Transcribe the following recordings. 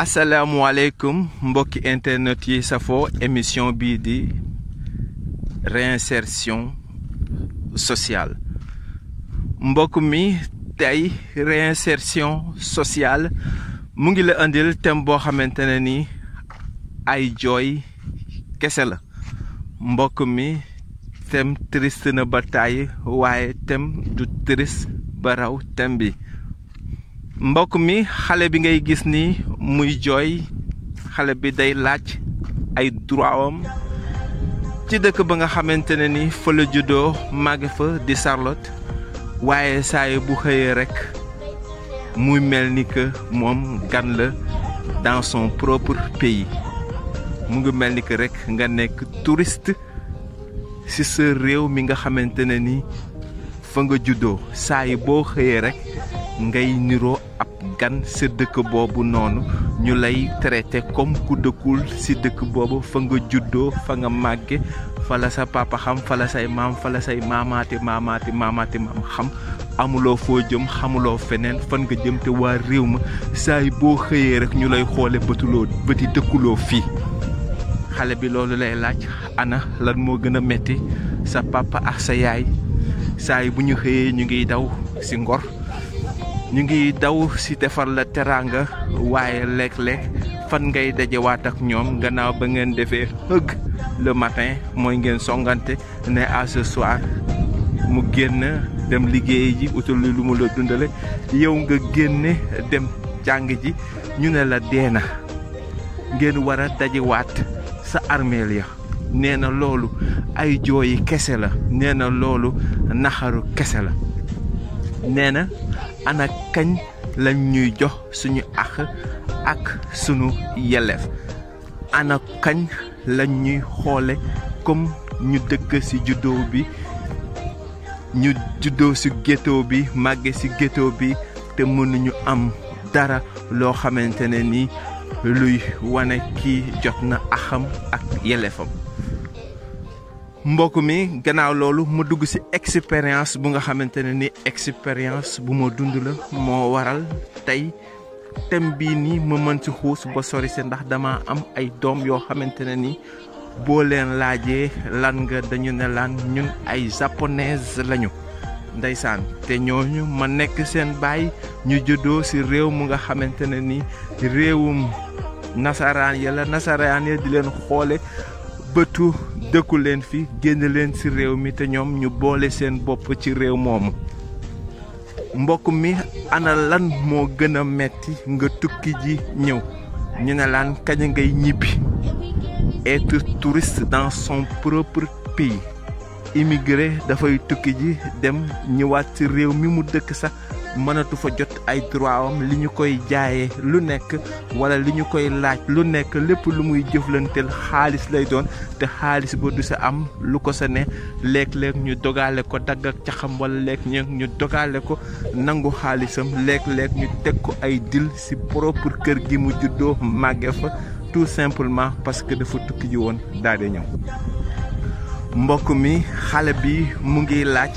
asalaamualeykum mbokki internet yi safoo émission bii di réinsertion sociale mbokk mi tey réinsertion sociale mu ngi la indil thème boo xamante ne ni ay jooy kese la mbokk mi tem triste na ba waaye tem du triste ba raw thème bi mbokk mi xale bi ngay gis ni muy jooy xale bi day laaj ay droit ci dëkk ba nga xamante ne ni fa la juddoo màgge fa di Charlotte waaye saa bu xëyee rekk muy mel ni que moom gan la dans son propre pays mu ngi mel ni que rekk nga nekk turist ci sa réew mi nga xamante ne ni fa nga juddoo saa boo xëyee rekk ngay niroo kan sa dëkk boobu noonu ñu lay traité comme ku dëkkul si dëkk boobu fa nga juddoo fa nga màgge fala sa papa xam fala say maam fala say maamaati maamaati maamaati maam xam amuloo foo jëm xamuloo feneen fan nga jëm te waa réew ma saay boo xëyee rek ñu lay xoole bëtuloo bëti dëkkuloo fii xale bi loolu lay laaj ana lan moo gën a metti sa papa ak sa yaay saay bu ñu xëyee ñu ngiy daw si ngor ñu ngi daw ci defar la teraanga waaye léeg-léeg fan ngay dajewaat ak ñoom gannaaw ba ngeen defee hëgg le matin mooy ngeen songante ne à ce mu génn dem liggéey ji utal lu mu la dundale yow nga génne dem jàng ji ñu ne la dee na ngeen war a dajewaat sa armeel ya nee na loolu ay jooyi kese la nee na loolu naxaru kese la nee na ana kañ lañ ñuy jox suñu àq ak suñu yelleef ana kañ lañ ñuy xoole comme ñu dëkk ci juddoo bi ñu juddoo ci ghetto bi màgge ci ghetto bi te mënuñu am dara loo xamante ni luy wane kii jot na axam ak yelleefam mbokk mi gannaaw loolu ma dugg ci expérience bu nga xamante ne ni experience bu ma dund la moo waral tey thème bii nii ma mën ci xuus ba sori si ndax dama am ay doom yoo xamante ne ni boo leen laajee lan nga dañu ne lan ñun ay japonaise lañu ndeysaan te ñooñu ma nekk seen baay ñu juddoo ci réew mu nga xamante ne ni réewum nasaraan ya la nasaraan ya di leen xoole bëtu dëkku leen fi génn leen ci réew mi te ñoom ñu boole seen bopp ci réew moomu mbokk mi anal lan moo gën a metti nga tukki ji ñëw ñu ne laan kañ ngay ñibbi être touriste dans son propre pays immigré dafay tukki ji dem ñëwaat ci réew mi mu dëkk sax mënatu fa jot ay droit am li ñu koy jaayee lu nekk wala li ñu koy laaj lu nekk lépp lu muy jëflanteel xaalis lay doon te xaalis ba du sa am lu ko sa ne léeg-léeg ñu dogale ko dagg ak caxam wala léeg-léeg ñu dogale ko nangu xaalisam léeg-léeg ñu teg ko ay dil ci propre kër gi mu juddoo màgge fa tout simplement parce que dafa tukki ji woon daal di ñëw mbokk mi xale bi mu ngi laaj.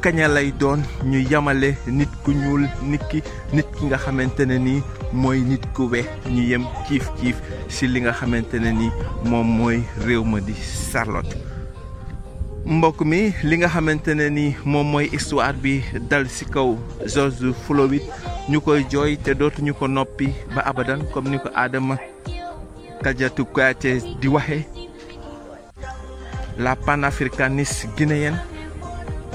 kaña lay doon ñu yamale nit ku ñuul nit ki nit ki nga xamante ne nii mooy nit ku weex ñu yem kiif kiif ci li nga xamante ne nii moom mooy réew ma di Charlotte. mbokk mi li nga xamante ne nii moom mooy histoire bi dal ci kaw George Floyd ñu koy jooy te dootuñu ko noppi ba abadan comme ni ko Adama Kadiatu Kouyaté di waxe la panafricaniste guinéenne.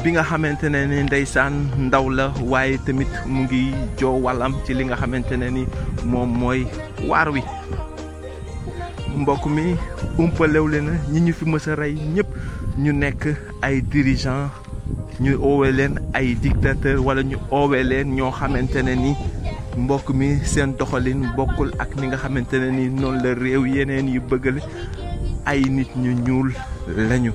bi nga xamante ne ni ndeysaan ndaw la waaye tamit mu ngi joowalam ci li nga xamante ne ni moom mooy waar wi mbokk mi umpalewle na ñi ñu fi mës a rey ñëpp ñu nekk ay dirigeant ñu oowee leen ay dictateur wala ñu oowee leen ñoo xamante ne ni mbokk mi seen doxalin bokkul ak ni nga xamante ne ni noonu la réew yeneen yi bëggale ay nit ñu ñuul lañu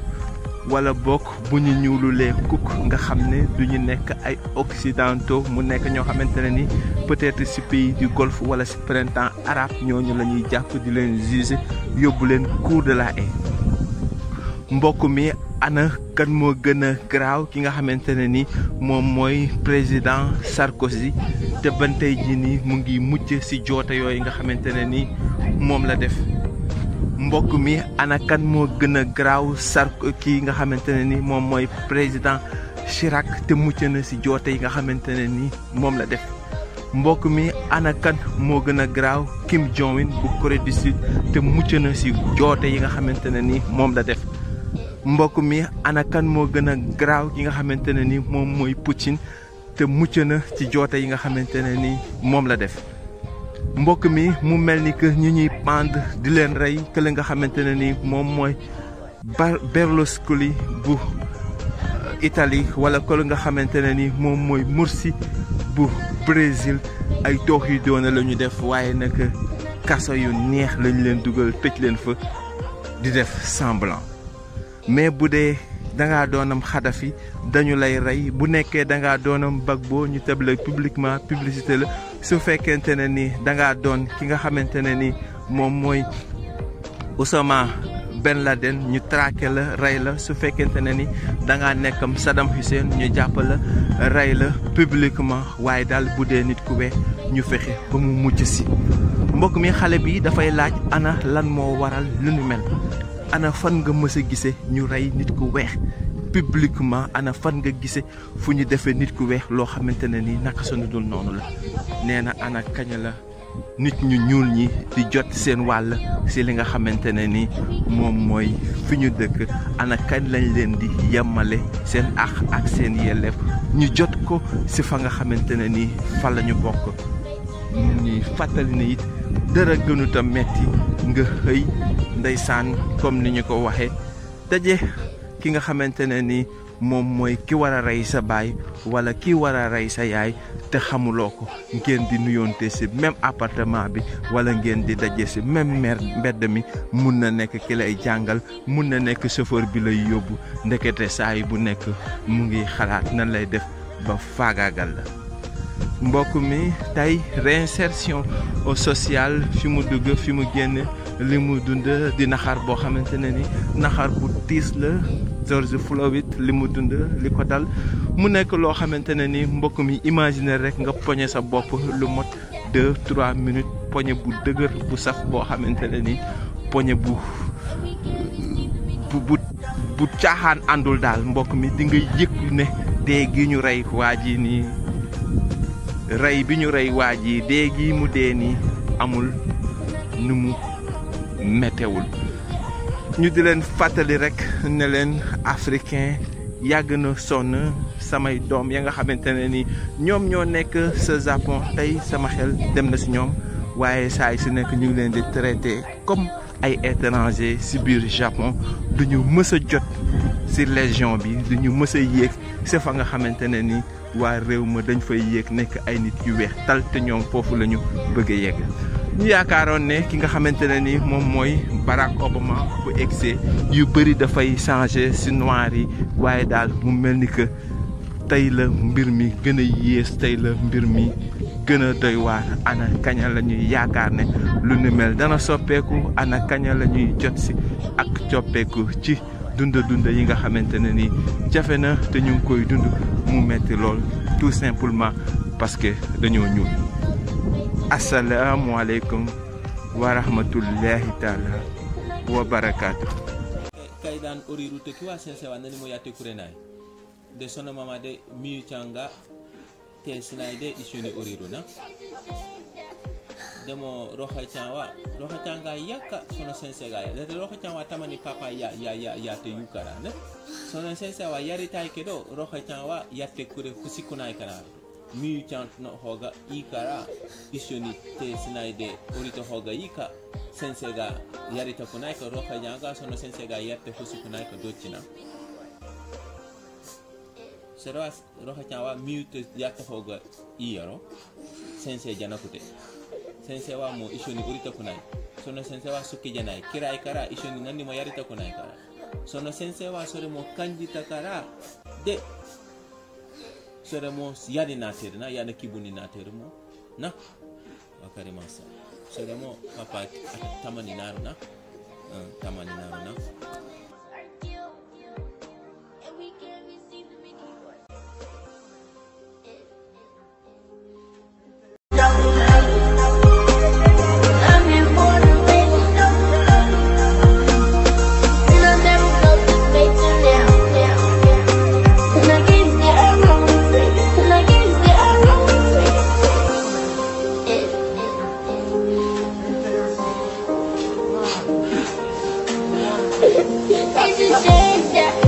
wala bokk bu ñu ñuululee kukk nga xam ne du ñu nekk ay occidentaux mu nekk ñoo xamante ne ni peut-être ci pays du golfe wala ci printemps arabe ñooñu la ñuy jàpp di leen juge yóbbu leen cour de la haie mbokk mi ana kan moo gën a garaaw ki nga xamante ne ni moom mooy président Sarkozy te ban tey jii nii mu ngi mucc ci joote yooyu nga xamante ne ni moom la def. mbokk mi ana moo gën a garaaw sar kii nga xamante ne ni moom mooy président Chirac te mucc na si joote yi nga xamante ne ni moom la def mbokk mi ana kan moo gën a garaaw Kim jong bu Corée du Sud te mucc na si joote yi nga xamante ne ni moom la def mbokk mi ana moo gën a garaaw ki nga xamante ne ni moom mooy Poutine te mucc na ci joote yi nga xamante ne ni moom la def mbokk mi mu mel ni que ñu ñuy pand di leen rey kële nga xamante ne ni moom mooy Berlusconi bu euh, Italie wala kële nga xamante ne ni moom mooy Mursi bu Brésil ay toox yu la ñu def waaye nag kaso yu neex lañ leen dugal tëj leen fa di def semblant mais bu dee dangaa doonam Xadafi dañu lay rey bu nekkee dangaa doonam boo ñu table publiquement publicité la su fekkente ne ni dangaa doon ki nga xamante ne ni moom mooy Osama Ben Laden ñu traqué la rey la su fekkente ne ni dangaa nekkam Saddam Hussein ñu jàpp la rey la publiquement waaye daal bu dee nit ku weex ñu fexe ba mu mujj si mbokk mi xale bi dafay laaj ana lan moo waral lu nu mel ana fan nga mës a gisee ñu rey nit ku weex publiquement ana fan nga gisee fu ñu defee nit ku weex loo xamante ne nii naka sa dul noonu la nee na ana kañ la nit ñu ñuul ñi di jot seen wàll si li nga xamante ne nii moom mooy fi ñu dëkk ana kañ lañ leen di yemale seen ax ak seen yelleef ñu jot ko si fa nga xamante ne nii fa la ñu bokk ñuy fàttali ne it dara gënuta metti nga xëy ndeysaan comme ni ñu ko waxee daje ki nga xamante ne ni moom mooy ki war a rey sa baay wala ki war a rey sa yaay te xamuloo ko ngeen di nuyoonte si même appartement bi wala ngeen di daje si même mer mbedd mi mun na nekk ki lay jàngal mun na nekk chauffeur bi lay yóbbu ndekete saay bu nekk mu ngi xalaat na lay def ba faagaagal la mbokk mi tey réinsertion au social fi mu dugg fi mu génn li mu dund di naxar boo xamante ne ni naxar bu tiis la George Floyd li mu dund li ko dal mu nekk loo xamante ne ni mbokk mi imaginer rek nga poñe sa bopp lu mot deux trois minutes poñe bu dëgër bu saf boo xamante ne ni poñe bu bu bu caaxaan àndul daal mbokk mi di nga yëg ne dee gi ñu rey waa ji nii rey bi ñu rey waa ji dee gi mu dee nii amul nu mu metewul ñu di leen fàttali rek ne leen africain yàgg na sonn samay doom ya nga xamante ne ni ñoom ñoo nekk sa Japon tey sama xel dem na si ñoom waaye saa yi si nekk ñu ngi leen di traité comme ay étranger si biir Japon du ñu mës a jot si légion bi duñu mësa yéeg sa fa nga xamante ne ni waa réew ma dañ fay yéeg nekk ay nit yu weex tal te ñoom foofu la ñu bëgg a yegg. ñu yaakaaroon ne ki nga xamante ne ni moom mooy Barack Obama bu egsee yu bëri dafay changé si noir yi waaye daal mu mel ni que tey la mbir mi gën a yées tey la mbir mi gën a doy waar ana kaña la yaakaar ne lu ni mel dana soppeeku ana kaña la ñuy jot si ak coppeeku ci dunda dunda yi nga xamante ne ni jafe na te ñu ngi koy dund mu metti lool tout simplement parce que dañoo ñuul. asalaamualeykum wa rahmatullahi taala wa barakaatu. kayɗan ori ruttaki wa sensewa nani mo yatte kurenayi nde sono mama de miyu canga tesinayi de ɗi suni oriruna demo roha canwa roha canga yakka sono sensegaya dede roha canwa tamani papa ya, ya, ya, yate yukara ne sono sensewa yaritayi ke ɗo roha canwa ミューチャンの方がいいから一緒に手しないで降りた方がいいか先生がやりたくないかロカちゃんがその先生がやってほしくないかどっちなそれはロカちゃんはミュートやった方がいいやろ先生じゃなくて先生はもう一緒に降りたくないその先生は好きじゃない嫌いから一緒に何もやりたくないからその先生はそれも感じたからで seremo yani natere na yani kibuni natere mo na wakari masa seremo papa ah, tamani naru na uh, tamani naru na Cause you said that.